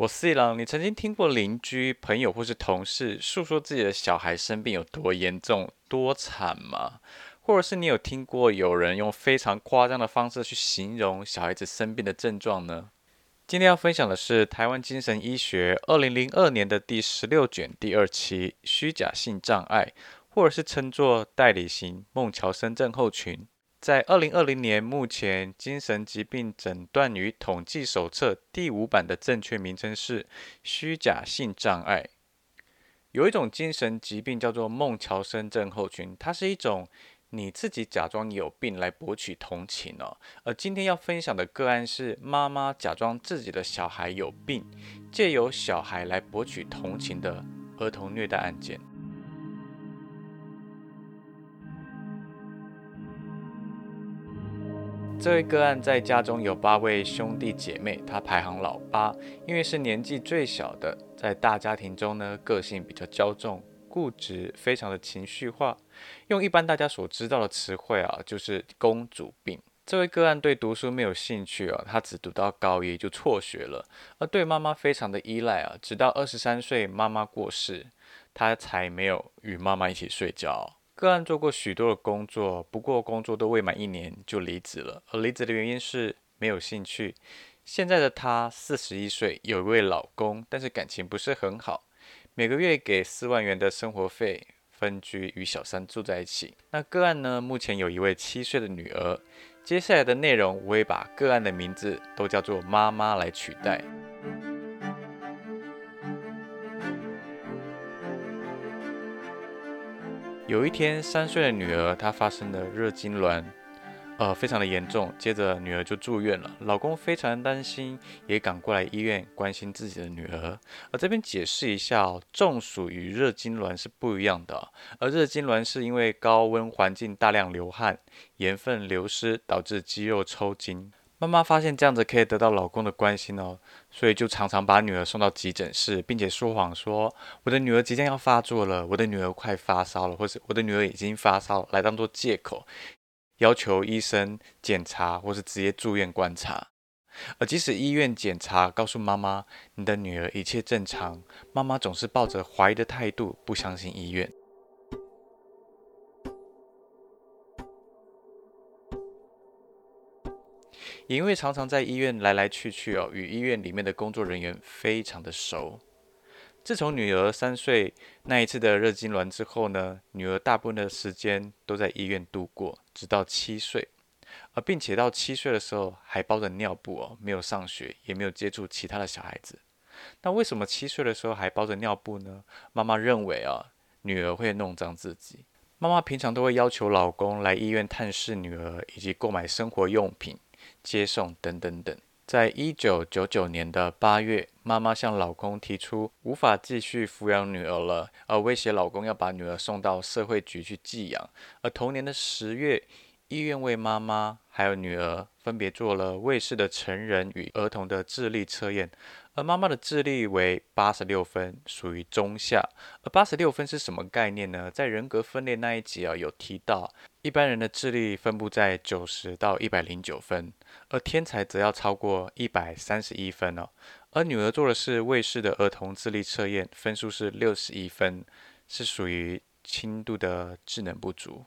我是一郎，你曾經聽過鄰居、朋友或是同事訴說自己的小孩生病有多嚴重、多慘嗎？或者是你有聽過有人用非常誇張的方式去形容小孩子生病的症狀呢？今天要分享的是台灣精神醫學二零零二年的第十六卷第二期，虛假性障礙，或者是稱作代理型孟喬森症候群。在二零二零年，目前精神疾病診斷與統計手冊第五版的正確名稱是“虛假性障礙”。有一種精神疾病叫做孟喬森症候群，它是一種你自己假裝你有病來博取同情哦。而今天要分享的個案是媽媽假裝自己的小孩有病，借由小孩來博取同情的兒童虐待案件。這位個案在家中有八位兄弟姐妹，他排行老八，因為是年紀最小的，在大家庭中呢，個性比較驕縱、固執，非常的情緒化。用一般大家所知道的詞彙啊，就是“公主病”。這位個案對讀書沒有興趣啊，他只讀到高一就輟學了，而對媽媽非常的依賴啊，直到二十三歲媽媽過世，他才沒有與媽媽一起睡覺。個案做過許多的工作，不過工作都未滿一年就離職了，而離職的原因是沒有興趣。現在的她四十一歲，有一位老公，但是感情不是很好，每個月給四萬元的生活費，分居與小三住在一起。那個案呢，目前有一位七歲的女兒。接下來的內容，我會把個案的名字都叫做媽媽來取代。有一天，三歲的女兒她發生了熱痙攣，呃，非常的嚴重。接着，女兒就住院了。老公非常擔心，也趕過來醫院關心自己的女兒。而、呃、這邊解釋一下哦，中暑與熱痙攣是不一樣的。而熱痙攣是因為高溫環境大量流汗，鹽分流失導致肌肉抽筋。媽媽發現這樣子可以得到老公的關心哦，所以就常常把女兒送到急診室，並且說謊說我的女兒即將要發作了，我的女兒快發燒了，或是我的女兒已經發燒了，來當做借口，要求醫生檢查，或是直接住院觀察。而即使醫院檢查告訴媽媽你的女兒一切正常，媽媽總是抱着懷疑的態度，不相信醫院。也因為常常在醫院來來去去哦，與醫院裡面的工作人員非常的熟。自從女兒三歲那一次的熱痙攣之後呢，女兒大部分的時間都在醫院度過，直到七歲。而並且到七歲的時候還包着尿布哦，沒有上學，也沒有接觸其他的小孩子。那為什麼七歲的時候還包着尿布呢？媽媽認為啊，女兒會弄髒自己。媽媽平常都會要求老公來醫院探視女兒，以及購買生活用品。接送等等等，在一九九九年的八月，媽媽向老公提出無法繼續撫養女兒了，而、呃、威脅老公要把女兒送到社會局去寄養。而同年的十月，醫院為媽媽還有女兒分別做了魏氏的成人與兒童的智力測驗。而媽媽的智力為八十六分，屬於中下。而八十六分是什麼概念呢？在人格分裂那一集啊、哦，有提到，一般人的智力分布在九十到一百零九分，而天才則要超過一百三十一分哦。而女兒做的是魏氏的兒童智力測驗，分數是六十一分，是屬於輕度的智能不足。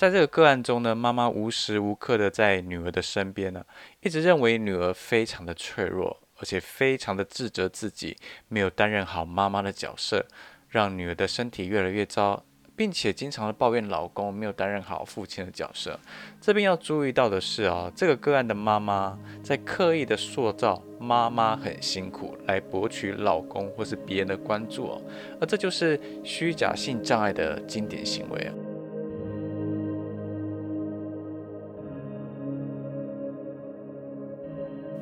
在這個個案中呢，媽媽無時無刻的在女兒的身邊呢、啊，一直認為女兒非常的脆弱，而且非常的自責自己沒有擔任好媽媽的角色，讓女兒的身體越來越糟，並且經常的抱怨老公沒有擔任好父親的角色。這邊要注意到的是啊、哦，這個個案的媽媽在刻意的塑造媽媽很辛苦，來博取老公或是別人的關注、哦，而這就是虛假性障礙的經典行為、啊。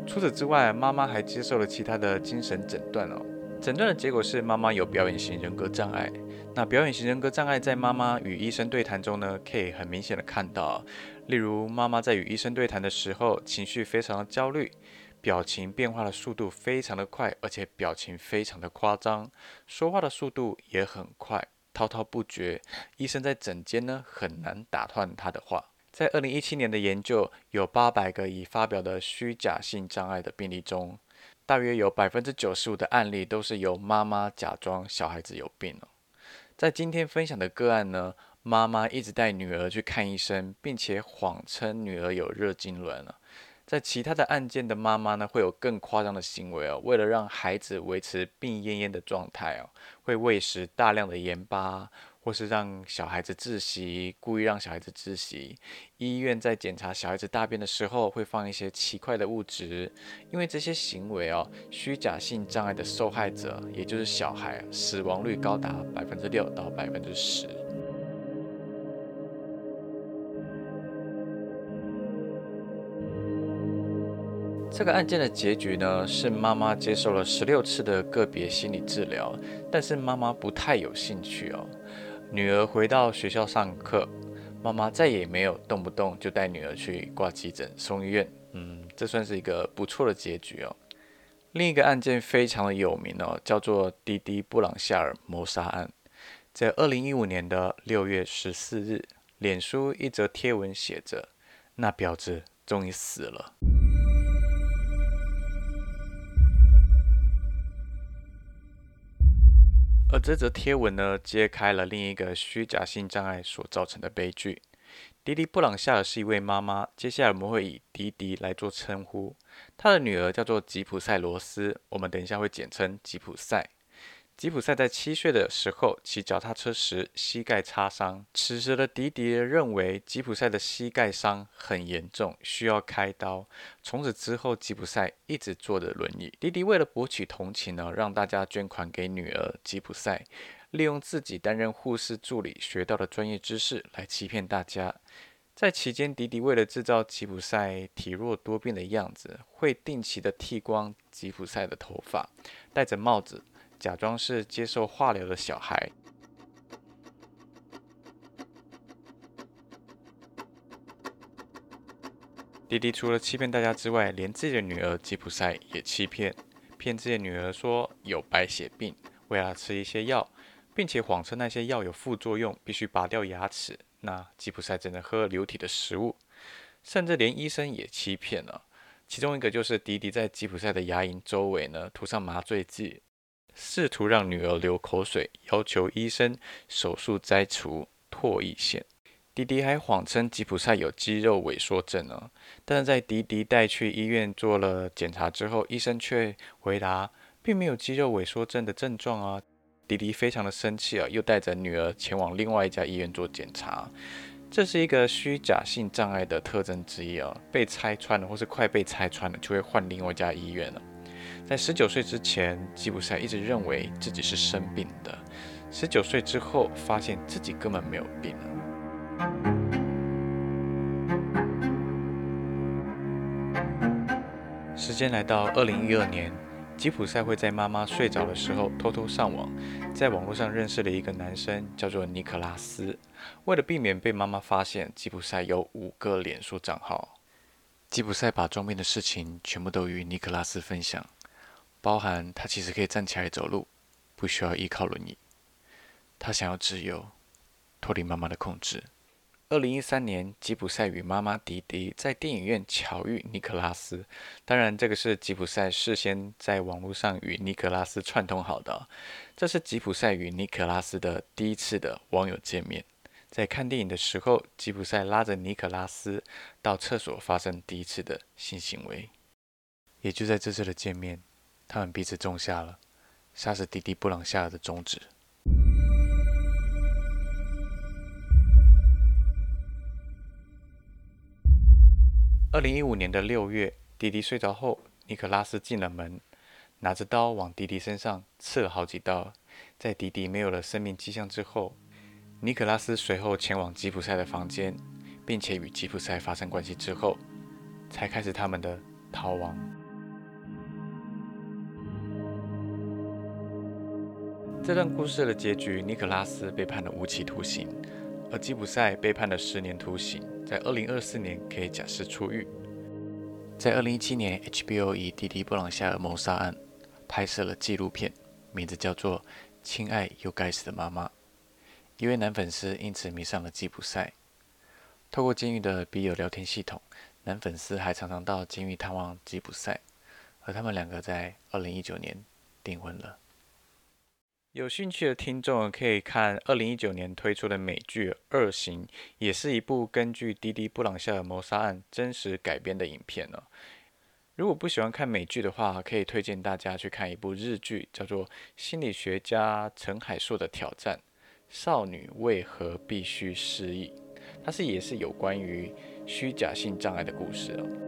除此之外，媽媽還接受了其他的精神診斷哦。診斷的結果是，媽媽有表演型人格障礙。那表演型人格障礙在媽媽與醫生對談中呢，可以很明顯的看到，例如媽媽在與醫生對談的時候，情緒非常的焦慮，表情變化的速度非常的快，而且表情非常的誇張，說話的速度也很快，滔滔不絕。醫生在診間呢，很難打斷她的話。在二零一七年的研究，有八百個已發表的虛假性障礙的病例中，大約有百分之九十五的案例都是由媽媽假裝小孩子有病了。在今天分享的個案呢，媽媽一直帶女兒去看醫生，並且謊稱女兒有熱痙攣了。在其他的案件的媽媽呢，會有更誇張的行為哦，為了讓孩子維持病懨懨的狀態哦，會餵食大量的鹽巴。或是讓小孩子窒息，故意讓小孩子窒息。醫院在檢查小孩子大便的時候，會放一些奇怪的物質。因為這些行為哦，虛假性障礙的受害者，也就是小孩，死亡率高達百分之六到百分之十。 這個案件的結局呢，是媽媽接受了十六次的個別心理治療，但是媽媽不太有興趣哦。女兒回到學校上課，媽媽再也沒有動不動就帶女兒去掛急診、送醫院。嗯，這算是一個不錯的結局哦。另一個案件非常的有名哦，叫做滴滴布朗夏爾謀殺案。在二零一五年的六月十四日，臉書一則貼文寫着：“那婊子終於死了。”而這則貼文呢，揭開了另一個虛假性障礙所造成的悲劇。迪迪·布朗夏爾是一位媽媽，接下來我們會以迪迪來做稱呼。她的女兒叫做吉普賽·羅斯，我們等一下會簡稱吉普賽。吉普賽在七歲的時候騎腳踏車時膝蓋擦傷，此時的迪迪認為吉普賽的膝蓋傷很嚴重，需要開刀。從此之後，吉普賽一直坐着輪椅。迪迪為了博取同情呢，讓大家捐款給女兒吉普賽，利用自己擔任護士助理學到的專業知識來欺騙大家。在期間，迪迪為了製造吉普賽體弱多病的樣子，會定期的剃光吉普賽的頭髮，戴着帽子，假裝是接受化療的小孩，迪迪除了欺騙大家之外，連自己的女兒吉普賽也欺騙，騙自己的女兒說有白血病，為了吃一些藥，並且謊稱那些藥有副作用，必須拔掉牙齒。那吉普賽只能喝了流體的食物，甚至連醫生也欺騙了，啊。其中一個就是迪迪在吉普賽的牙齦周圍呢塗上麻醉劑。試圖讓女兒流口水，要求醫生手術摘除唾液腺。迪迪還謊稱吉普賽有肌肉萎縮症啊，但是在迪迪帶去醫院做了檢查之後，醫生卻回答並沒有肌肉萎縮症的症狀啊。迪迪非常的生氣啊，又帶着女兒前往另外一家醫院做檢查。這是一個虛假性障礙的特徵之一啊，被拆穿了或是快被拆穿了，就會換另外一家醫院了。在十九歲之前，吉普賽一直認為自己是生病的。十九歲之後，發現自己根本沒有病。時間來到二零一二年，吉普賽會在媽媽睡着的時候偷偷上網，在網絡上認識了一個男生，叫做尼克拉斯。為了避免被媽媽發現，吉普賽有五個臉書賬號。吉普賽把裝病的事情全部都與尼克拉斯分享。包含他其實可以站起來走路，不需要依靠輪椅。他想要自由，脫離媽媽的控制。2013年，吉普賽與媽媽迪迪在電影院巧遇尼克拉斯。當然，這個是吉普賽事先在網絡上與尼克拉斯串通好的。這是吉普賽與尼克拉斯的第一次的網友見面。在看電影的時候，吉普賽拉着尼克拉斯到廁所發生第一次的性行為。也就在這次的見面。他們彼此種下了殺死迪迪布朗夏爾的種子。二零一五年的六月，迪迪睡着後，尼克拉斯進了門，拿着刀往迪迪身上刺了好幾刀。在迪迪沒有了生命跡象之後，尼克拉斯隨後前往吉普賽的房間，並且與吉普賽發生關係之後，才開始他們的逃亡。這段故事的結局，尼克拉斯被判了無期徒刑，而吉普賽被判了十年徒刑，在二零二四年可以假釋出獄。在二零一七年，HBO 以弟弟布朗夏爾謀殺案拍攝了紀錄片，名字叫做《親愛又該死的媽媽》。一位男粉絲因此迷上了吉普賽，透過監獄的筆友聊天系統，男粉絲還常常到監獄探望吉普賽，而他們兩個在二零一九年訂婚了。有興趣的聽眾可以看二零一九年推出的美劇《惡行》，也是一部根據滴滴布朗夏爾謀殺案真實改編的影片呢、哦。如果不喜歡看美劇的話，可以推薦大家去看一部日劇，叫做《心理學家成海朔的挑戰》，少女為何必須失憶？它是也是有關於虛假性障礙的故事、哦。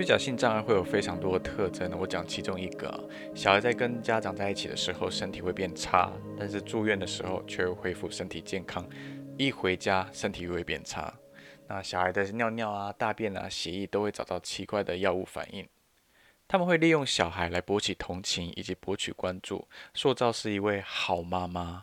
虛假性障礙會有非常多的特徵呢，我講其中一個。小孩在跟家長在一起的時候，身體會變差，但是住院的時候卻又恢復身體健康，一回家身體又會變差。那小孩的尿尿啊、大便啊、血液都會找到奇怪的藥物反應。他們會利用小孩來博取同情以及博取關注，塑造是一位好媽媽。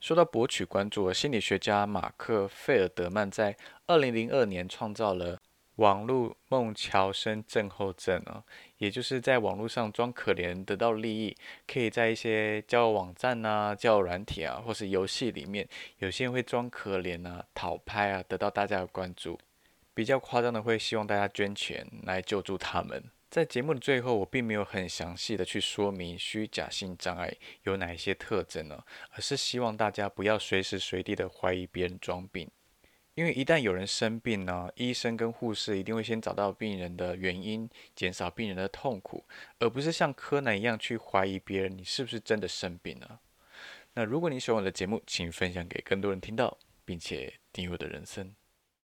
說到博取關注，心理學家馬克·費爾德曼在二零零二年創造了，網絡孟喬森症候症哦、啊，也就是在網絡上裝可憐得到利益，可以在一些交友網站吶、啊、交友軟體啊，或是遊戲裡面，有些人會裝可憐啊討拍啊，得到大家的關注。比較誇張的會希望大家捐錢來救助他們。在節目的最後，我並沒有很詳細的去說明虛假性障礙有哪一些特徵呢、啊，而是希望大家不要隨時隨地的懷疑別人裝病，因為一旦有人生病呢，醫生跟護士一定會先找到病人的原因，減少病人的痛苦，而不是像柯南一樣去懷疑別人，你是不是真的生病了。那如果你喜歡我的節目，請分享給更多人聽到，並且訂閱我的人生。